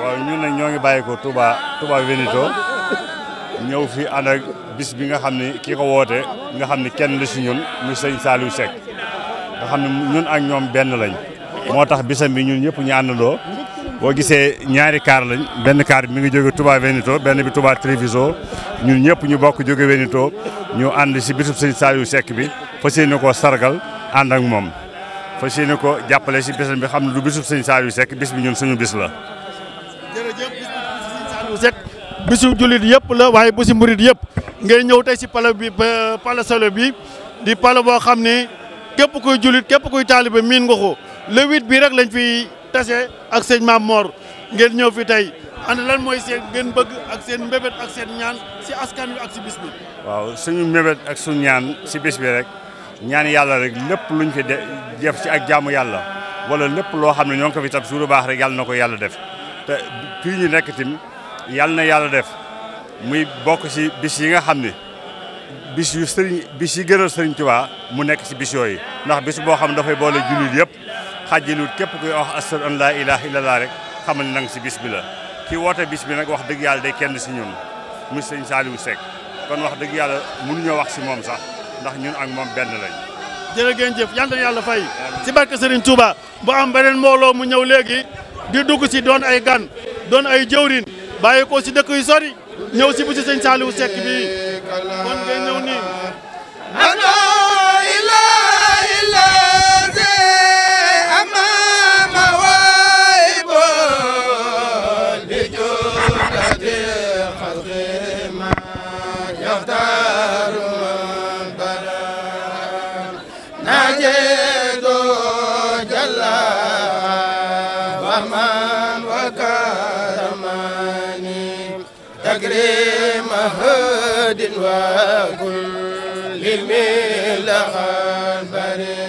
waaw ñun nag ñoo ngi bàyyeekoo tubaa Touba Veneto ñëw fi ànd ak bis bi nga xam ne kii ko woote nga xam ne kenn la si ñun muy sëñ Saliou Seck nga xam ne ñun ak ñoom benn lañ. moo tax bisam bi ñun ñëpp ñu àndandoo boo gisee ñaari kaar lañ benn kaar bi mu ngi jóge tubaa Veneto benn bi Touba Treviso ñun ñëpp ñu bokk jóge Veneto ñu ànd si bisub sëñ Saliou Seck bi fas yéene koo sargal ànd ak moom. fas yéene ko jàppale si bésam bi xam ne du bésub sëñ Saliou Seck bés bi ñun suñu bés la. jërëjëf bés bu sëñ Saliou Seck yëpp la waaye bésu murit yëpp ngay ñëw tey si pale bi pale solo bi di pale boo xam ne képp kuy jullit képp kuy taalibe miin nga ko le huit bii rek lañ fiy tase ak sëñ Maam Mor ngeen ñëw fi tey ànd lan mooy seen ngeen bëgg ak seen mbébét ak seen ñaan si askan wi ak si bis bi. waaw suñu mbébét ak suñu ñaan si bis bi rek. ñaan yàlla rek lépp luñ fi de jëf ci ak jaamu yàlla wala lépp loo xam ne ñoo ngi ko fi tab suuru baax rek yàlla na ko yàlla def te fii ñu nekk tim yàlla na yàlla def muy bokk si bis yi nga xam ne bis yu sëriñ bis yi gënal sëriñ Tuubaa mu nekk ci bis yi ndax bis boo xam ne dafay boole jullit yëpp xàjjilut képp kuy wax ashadu an laa ilaaha illallaah rek xamal nang si bis bi ki woote bis bi nag wax dëgg yàlla de kenn si ñun muy sëriñ Saliou Seck kon wax dëgg yàlla mënuñoo wax ci moom sax ndax ñun ak moom benn lañ jërëgeen jëf yal na yàlla fay si barke Serigne Touba bu am beneen mbooloo mu ñëw léegi di dugg ci doon ay gan doon ay jëwrin bàyyi ko si dëkk yu sori ñëw si bu si sëñ wu Seck bi kon ngeen ñëw nii أكرم هاد وكل من لخبره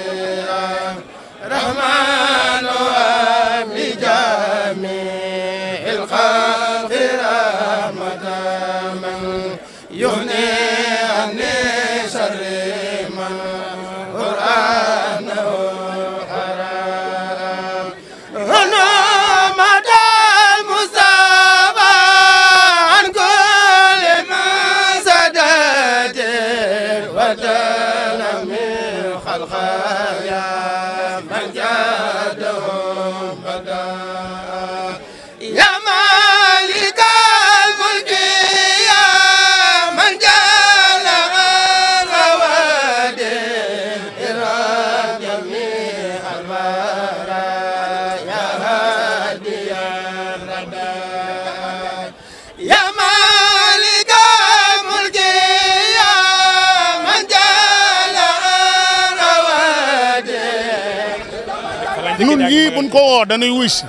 nun ñii buñ ko woo dañuy wuy si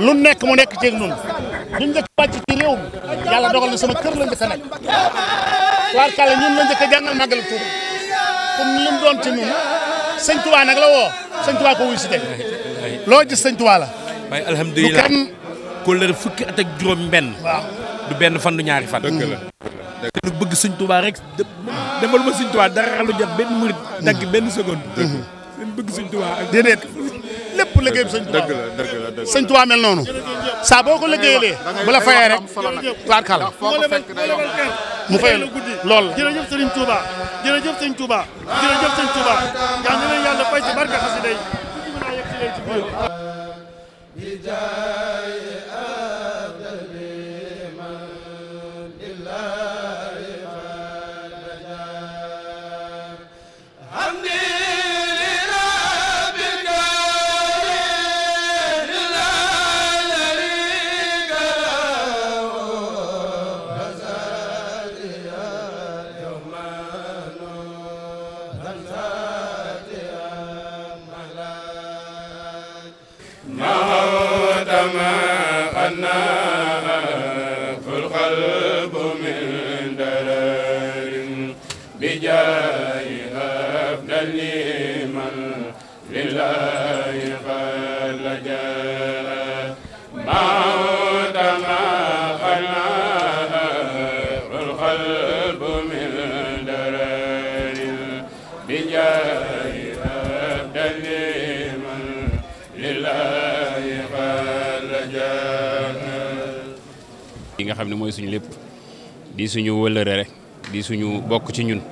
lu nekk mu nekk ceeg nun duñ njëkk wàcc ci réew mi dogal na sama kër la njëkk a nekk tubaarkàlla ñun la njëkk a jàngal màggal Tuuba comme li mu doon ci nun sëñ Tuubaa nag la woo sëñ Tuubaa ko wuy si teg loo gis sëñ Tuubaa la waaye alhamdulilah du kenn kóllëre fukki at ak juróom benn du benn fan du ñaari fan dëgg la te lu bëgg sëñ Tuubaa rek defal ma sëñ Tuubaa dara lu jot benn murit dagg benn seconde. dañ bëgg sëñ Tuubaa ak déedéet lépp liggéey bi sëñ Tuubaa la dëgg la sëñ Tuubaa mel noonu saa boo ko liggéeyalee bu la fayee rek tubaarkal mu fay la lool jërëjëf sëriñ Tuubaa jërëjëf nga xam ne mooy suñu lépp di suñu wëllëre rek di suñu bokk ci ñun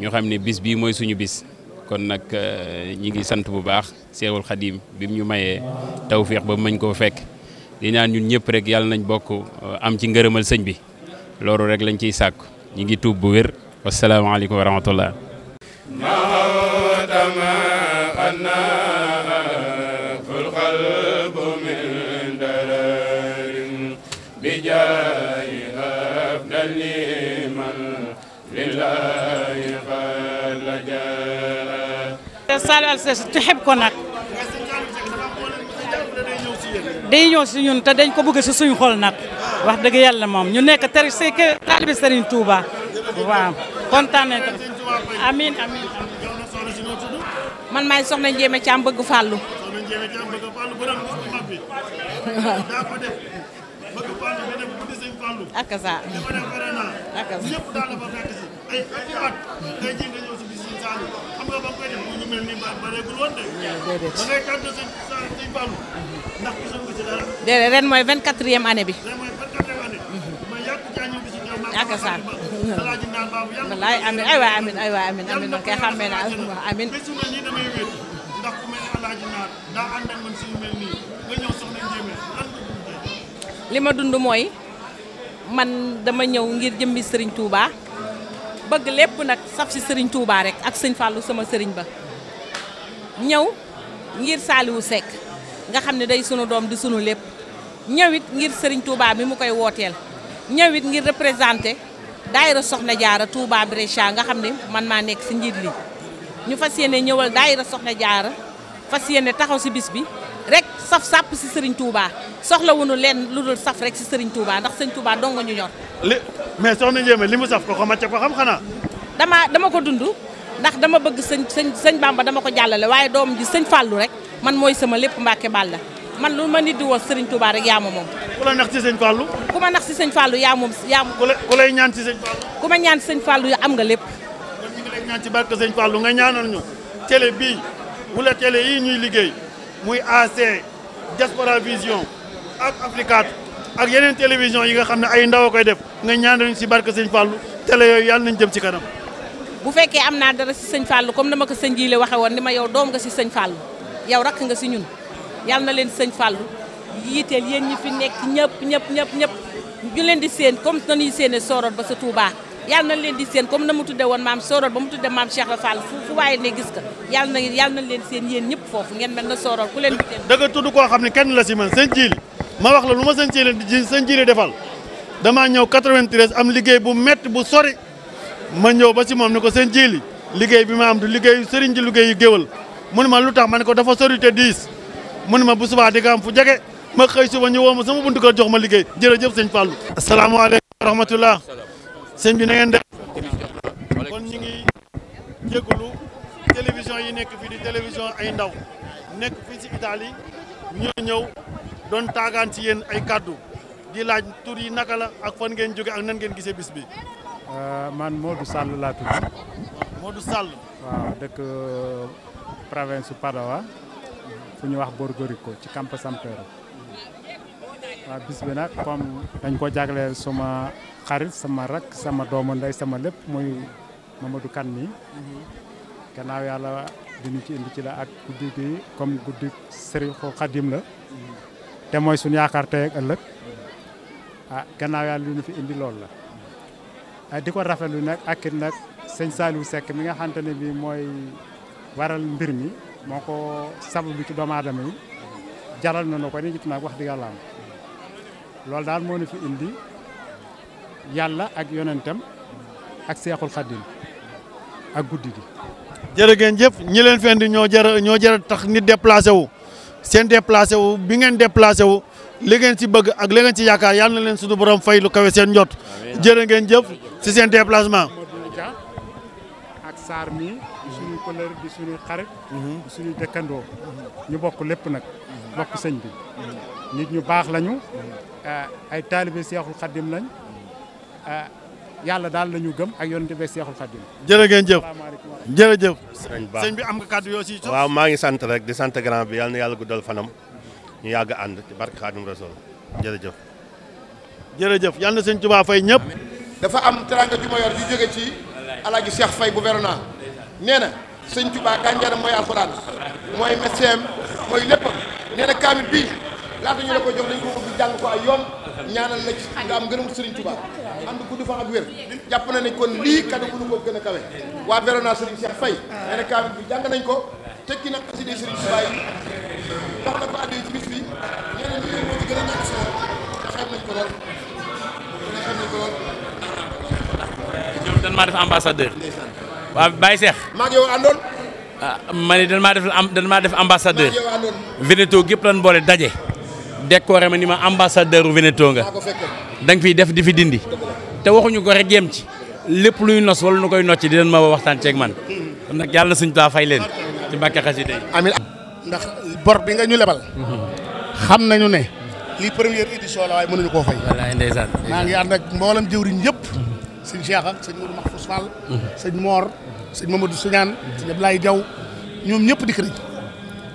ñu xam ne bis bii mooy suñu bis kon nag euh, ñi ngi sant bu baax Seexul Xadiim bi mu ñu mayee tawféex ba mañ koo fekk di ñun ñëpp rek yàlla nañ bokk euh, am ci ngërëmal sëñ bi loolu rek lañ ciy sàkk ñi ngi tuub bu wér wasalaamaaleykum wa rahmatullah Saliou Al Seck ci xeb ko nag day ñëw si ñun te dañ ko bëgg si suñu xol nag wax dëgg yàlla moom ñu nekk tari c'est que taalibi Serigne Touba waaw kontaan nañ tam man maay soxna Njéeme Caam bëgg fàllu bëgg Fallou nga def guddi sëñ Fallou. ak saa dafa def vraiment. ak saa ñëpp daal dafa fekk si ay ay at. tey jii nga ñëw si bis si Saalum xam nga ba koy def bu ñu mel nii ba bareegul woon de. déedéet ba ngay tànn sëñ sëñ Fallou. Mhm. ndax gisoon nga ci dara. déedéet ren mooy 24eem année bi. ren mooy 24eem année. Mhm. ma yàgg caa ñëw bi si ñoom. ak saa alaaji naan baabu yàlla. wallaay amiin ay waay amiin ay waay amiin amiin kay xàmmee naa amiin. bisu mel nii damay wéet ndax ku mel ni alaaji naan daa ànd ak man si lu mel nii li ma dund mooy man dama ñëw ngir jëmbi sëriñ Touba bëgg lépp nag saf si sëriñ Touba rek ak sëñ Fallou sama sëriñ ba ñëw ngir Saliou sekk nga xam ne day sunu doom di sunu lépp ñëwit ngir sëriñ Touba bi mu koy wooteel ñëwit ngir représenté daayira Soxna Jaara Touba Brescia nga xam ne man maa nekk si njiit li ñu fas yéene ñëwal daayira Soxna Jaara fas yéene taxaw si bi rek saf sàpp si Serigne Touba soxla wuñu leen lu dul saf rek si Serigne Touba ndax Serigne Touba dong ñu ñor. li mais soxna Ndiémé li mu saf ko xamante ko xam xanaa. dama dama ko dund ndax dama bëgg sëñ sëñ sëñ Bamba dama ko jàllale waaye doom ji sëñ Fallou rek man mooy sama lépp Mbàkke Bàll la man lu man nit di woo Serigne Touba rek yaa ma moom. ku la nax ci sëñ Fallou. ku ma nax ci sëñ Fallou yaa moom yaa moom. ku la ku lay ñaan ci sëñ Fallou. ku ñaan ci sëñ Fallou am nga lépp. kon ñu ngi lay ñaan ci barke sëñ Fallou nga ñaanal ñu télé bii wala télé ñuy liggéey muy AC Diaspora Vision ak Africa ak yeneen télévision yi nga xam ne ay ndaw koy def nga ñaanal ñu si barke sëñ Fallou télé yooyu yàlla nañ jëm ci kanam. bu fekkee am naa dara si sëñ Fallou comme ma ko sëñ Jiile waxe woon ni ma yow doom nga si sëñ Fallou yow rakk nga si ñun yàlla na leen sëñ Fallou yiiteel yéen ñi fi nekk ñëpp ñëpp ñëpp ñëpp ñu leen di séen comme nañuy séenee sooroon ba sa Touba. yàlla nañ leen di seen comme na mu tudde woon maam Soror ba mu tudde maam Cheikh la Fall fu waaye ne gis ka yàlla na leen seen yéen ñëpp foofu ngeen mel na Soror ku leen da nga tudd koo xam ne kenn la si man sëñ ma wax la lu ma sëñ Jili di sëñ Jili defal damaa ñëw am liggéey bu métti bu sori ma ñëw ba si moom ni ko sëñ Jili liggéey bi ma am du liggéey sëriñ ji liggéey yu géwal mu ne ma lu tax ma ne ko dafa sori te diis mu ne ma bu subaa di nga am fu jege ma xëy suba ñu ma sama buntu kër jox ma liggéey jërëjëf sëñ Fallou asalaamaaleykum sëñ bi nangeen ngeen def kon ñu ngi jégalu télévision yi nekk fii di télévision ay ndaw nekk fii si Italie ñu ñëw doon taagaan si yéen ay kàddu di laaj tur yi naka la ak fan ngeen jóge ak nan ngeen gisee bis bi. Euh, man Modou sàll laa tudd. Modou Sall. waaw dëkk euh, province su Padova fu ñu wax Borgorico ci Camposampiero. waaw bis bi nag comme dañ ko jagleel sama xarit sama rak sama doomu ndey sama lépp muy Mamadou Kane mi mm-hmm. gannaaw yàlla diñu ci indi ci la ak guddi gi comme guddi Serigne Khadim la mm-hmm. te mooy suñ yaakaar tey ak ëllëg ah gannaaw yàlla lu ñu fi indi loolu la mm-hmm. ah, di ko rafet rafetlu nag ak it nag sëñ Saliou sekk mi nga xamante ne bii mooy waral mbir mi moo ko sabab bi ci doomu aadama yi jaral na ko ni it nag wax dëgg yàlla am loolu daal moo ñu fi indi yàlla ak yonentam ak seexul xaddim ak guddi gi. jërë ngeen jëf ñi leen feen di ñoo jërë ñoo jërë tax nit déplacé wu seen déplacé wu bi ngeen déplacé wu li ci bëgg ak li ngeen ci yaakaar yal na leen suñu borom fay lu kawe seen njot jëre ngeen jëf si seen déplacement. ak Sarr mi suñu collègue di suñu xarit. Mhm. di suñu mhm. ñu bokk lépp nag. bokk sëñ bi. Mhm. nit ñu baax lañu. Ah, ay taalibe seexul xaddim lañ ah, yàlla daal la ñu gëm ak yonent bi seexul xaddim. jërë ngeen jëf jërëjëf. sëñ bi am nga kàddu yoo si. waaw maa ngi sant rek di sant grand bi yal na yàlla guddal fanam ñu yàgg ànd ci barke Xaadim Rasuul jërëjëf. jërëjëf yal na sëñ Tuubaa fay ñëpp. dafa am teranga ju ma jóge ci alaaji Cheikh Faye gouverneur nee na sëñ Tuubaa gànjaram mooy alxuraan mooy médecin mooy lépp nee na kaamil laata ñu la ko jox dañ ko bëgg jàng ko ay yoon ñaanal a kawe waa nañ ko tekki na gën a ñàkk solo xeeb nañ ko maa def ambassadeur waaw Baye Cheikh maa ngi yow àndoon ah ma maa def dañ maa def ambassadeur Veneto gépp lan boole daje décoré ma ni ma ambassadeur u Veneto nga da nga def di fi dindi te waxuñu ko rek ci lépp luy nos wala nu koy nocc di leen ma waxtaan ceeg man kon suñ taa fay leen ci mbàkke xasida ndax bor bi nga ñu lebal xam nañu ne lii première édition la waaye mënuñu koo fay wallaay ndeysaan maa ngi ànd ak mboolam jëwriñ yëpp sëñ Cheikh ak sëñ Modou Mahfous Fall sëñ Mor sëñ Mamadou Soñaan sëñ Ablaye ñoom ñëpp dikk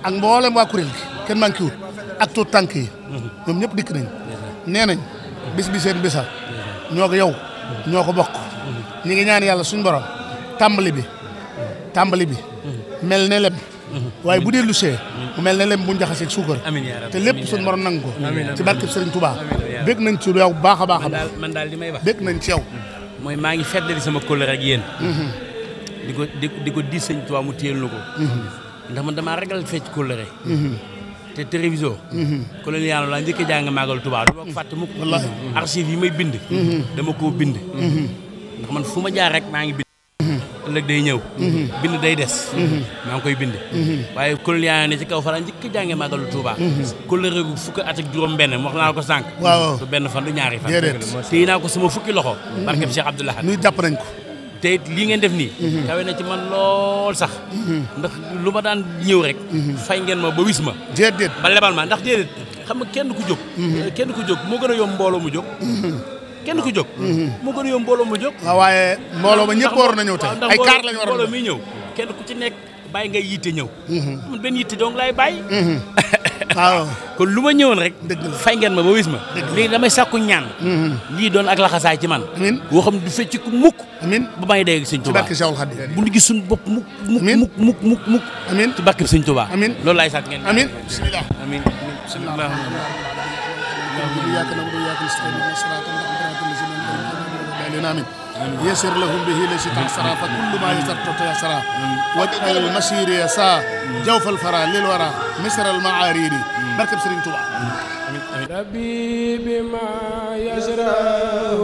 ak mboolem waa kuréel gi kenn manqué wut ak tuut tànk yi ñoom ñëpp dikk nañ nee nañ bis bi seen bisa ñoo ko yow ñoo ko bokk mm-hmm. ñi ngi ñaan yàlla suñ borom tàmbali bi tàmbali bi mm-hmm. mel ne lem mm-hmm. waaye bu dee lu see mu mel ne lem bu njaxaseeg suukar te lépp suñu borom nangu ko ci barkeb Sëriñ Tuubaa bég nañ ci yow baax a baax a baax man daal li may wax bég nañ ci yow mooy maa ngi feddali sama kóllëre ak yéen di ko di ko di sëñ mu téel na ko ndax man damaa ragal fecc kóllëre te télévision. colonial la njëkk a jàng màggal Tuubaa du ma ko fàtte mukk. wallaahi mm-hmm. archive yi may bind. Mm-hmm. dama koo bind. Mm-hmm. ndax man fu ma jaar rek maa ngi bind. ëllëg day ñëw. bind day des. maa ngi koy bind. waaye colonial ne ci kaw fa la njëkk a jàng màggalu Tuubaa. coloré gu fukk at ak juróom-benn wax naa ko sànq. waaw du benn fan ñaari fan. déedéet téye naa ko sama fukki loxo. barkeb Cheikh Abdoul Ahad nuy jàpp nañ ko. te it lii ngeen def nii. Mhm. kawe na ci man lool sax. Mhm. ndax lu ma daan ñëw rek. Mhm. fay ngeen ma ba wis ma. déedéet ba lebal ma ndax déedéet xam nga kenn ku jóg. Eh, kenn ku jóg moo gën a yomb mbooloo mu jóg. kenn ku jóg. moo gën a yomb mbooloo mu jóg. waaw waaye mbooloo ma ñëpp waroon na ñëw tey ay kaar lañu waroon a ñëw. kenn ku ci nekk bàyyi ngay yitte ñëw. man benn yitte dong laay bàyyi. waaw kon lu ma ñëwoon rek. dëgg fay ngeen ma ba wis ma. léegi damay sàkku ñaan. lii doon ak laxasaay ci man. amiin boo xam du fecc ku mukk. amiin ba may dégg sëñ Touba. ci barke Cheikhul Khadim bu ñu gis suñu bopp mukk. amiin mukk mukk mukk mukk. amiin ci barke sëñ Touba. amiin loolu laay ngeen. amiin يسر لهم به لشتى عسرا فكل ما يسرت تيسرا واجعل المسير يسا جوف الفرا للورى مصر المعارير بركب سرين توبا ربي بما يزرعه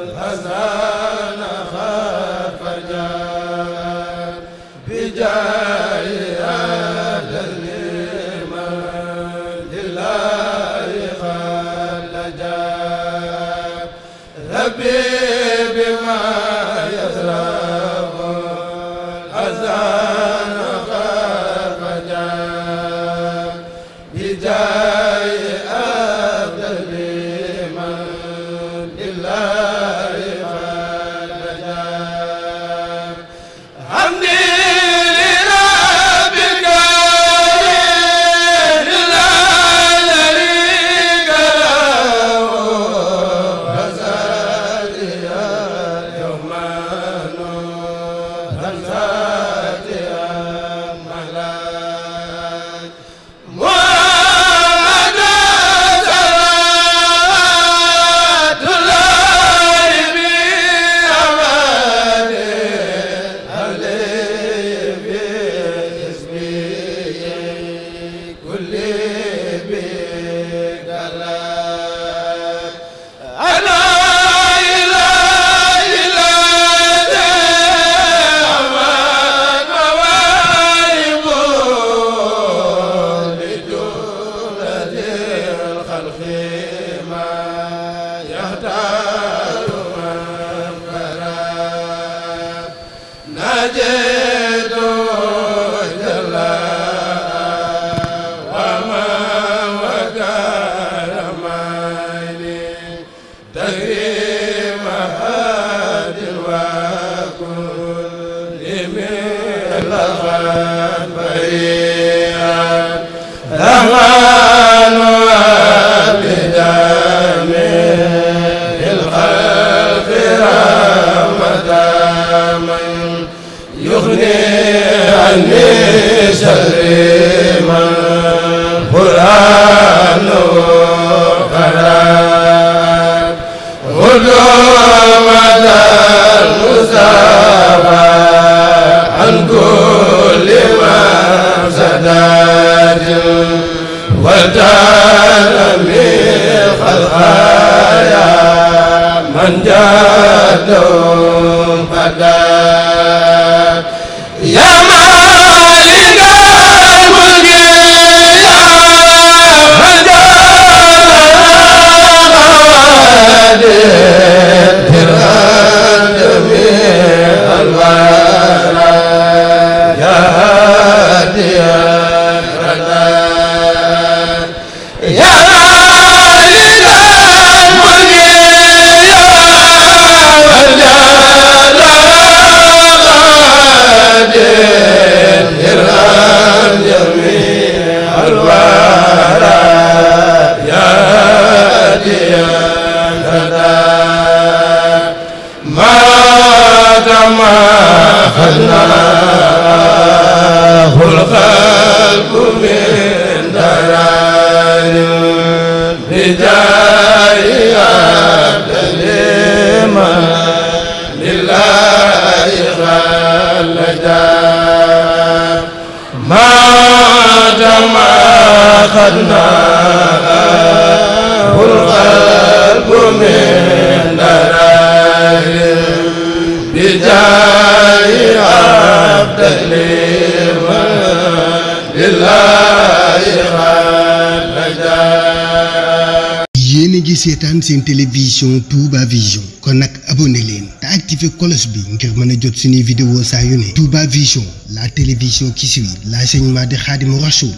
الحزان خاف جار بجاه Rabbi la do ما أخذنا الخلق من دلائل بجاه عبد yéen a ngi seetaan seen télévision Touba Vision kon nag abonné leen activé cloche bi ngir mën a jot suñuy vidéo saa yu ne Touba Vision la télévision qui suit l'enseignement de Khadimou Rassoul